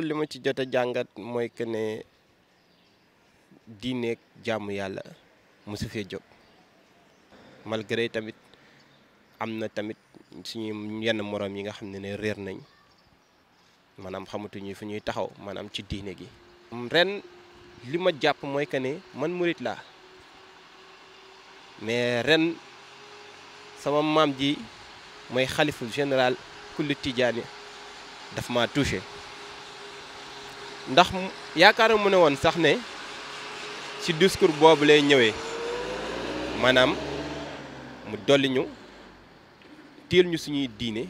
li ma ci jot a jàngat mooy que ne diineeg jàmm yàlla mosu fee jóg malgré tamit am na tamit suñu yenn moroom yi nga xam ne ne réer nañ maanaam xamatuñu fu ñuy taxaw maanaam ci diine gi. ren li ma jàpp mooy que ne man murit laa mais ren. sama maam ji mooy xalifu général kulli tijaani daf ma touché ndax yaakaara mu ne woon sax ne ci discours boobu lay ñëwee maanaam mu dolli ñu teel ñu suñuy diine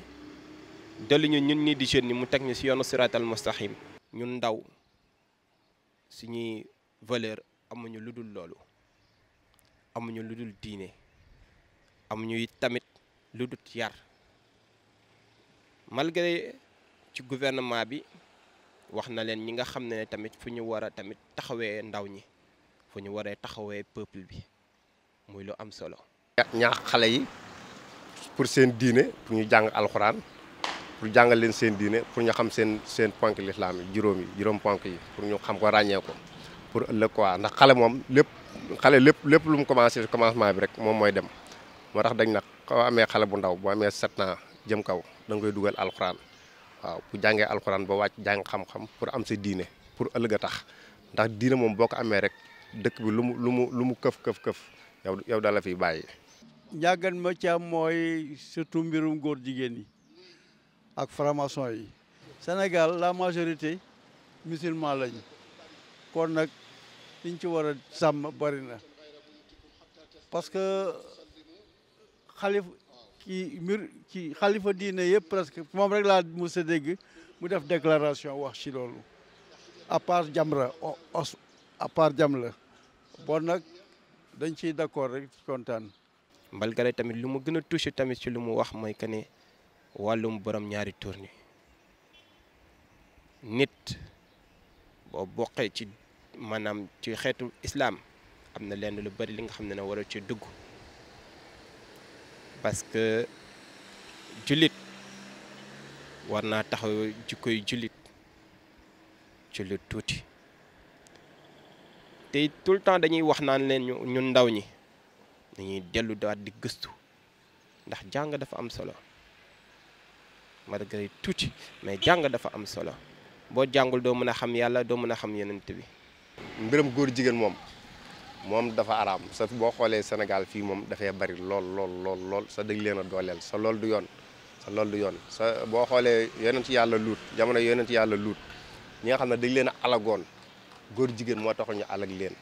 dolli ñu ñun ñi di jeune mu teg ñu ci yoonu siraatal mustaqim ñun ndaw suñuy valeur amuñu lu dul loolu amuñu lu dul diine am ñuy tamit lu dut yar malgré ci gouvernement bi wax na leen ñi nga xam ne tamit fu ñu war tamit taxawee ndaw ñi fu ñu waree taxawee peuple bi muy lu am solo. ñaax xale yi pour seen diine pour ñu jàng alxuraan pour jàngal leen seen diine pour ñu xam seen seen ponk lislaam yi juróom yi juróom ponk yi pour ñu xam ko ràññee ko pour ëllëg quoi ndax xale moom lépp xale lépp lépp lu mu commencé commencement bi rek moom mooy dem. moo tax dañ nag koo amee xale bu ndaw boo amee set ans jëm kaw da koy dugal alxuraan waaw bu jàngee alxuraan ba wàcc jàng xam-xam pour am si diine pour ëllëg a tax ndax diine moom boo ko amee rek dëkk bi lu mu mu lu mu këf këf këf yow yow daal la bàyyi. ñàggan ma ci am mooy surtout mbirum góor jigéen yi ak franc yi Sénégal la majorité musulman lañ kon nag liñ ci war a sàmm bari na xalif ki mbir ci xalifa diine yëpp presque moom rek laa mos a dégg mu def déclaration wax ci loolu à part Jamra os à bon nag dañ ciy d'accord rek kontaan. Mbalgare tamit lu mu gën a touché tamit ci lu mu wax mooy que ne wàllum borom ñaari tournée nit boo bokkee ci maanaam ci xeetu islaam am na lenn lu bari li nga xam ne ne war a ci dugg. parce que jullit war naa taxaw ci koy jullit jullit tuuti tey tout le temps dañuy wax naan leen ñun ndaw ñi dañuy dellu dawaat di gëstu ndax jàng dafa am solo malgré tuuti mais jàng dafa am solo boo jàngul doo mën a xam yàlla doo mën a xam yenent bi mbiram góor jigéen moom moom dafa araam sa boo xoolee Sénégal fii moom dafay bari lool lool lool lool sa dëgg leen a dooleel sa lool du yoon sa lool du yoon sa boo xoolee yonent yàlla luut jamono yonent yàlla luut ñi nga xam leen a alagoon góor jigéen moo taxul ñu alag leen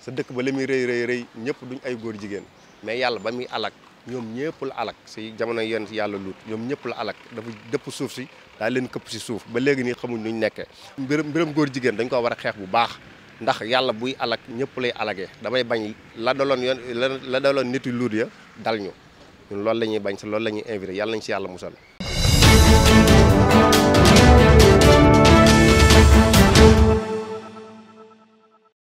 sa dëkk ba la muy rëy rëy ñëpp duñ ay góor jigéen mais yàlla ba muy alag ñoom ñëpp la alag si jamono yonent yàlla luut ñoom ñëpp la alag dafa dëpp suuf si daa leen këpp si suuf ba léegi nii xamuñ nuñ nekkee mbiram mbiram góor jigéen dañ ko war a xeex bu baax ndax yàlla buy alak ñëpp lay alagee damay bañ la daloon yoon la daloon nit yu luut ya dal ñu ñun loolu la ñuy bañ sa loolu la ñuy yàlla nañ si yàlla musal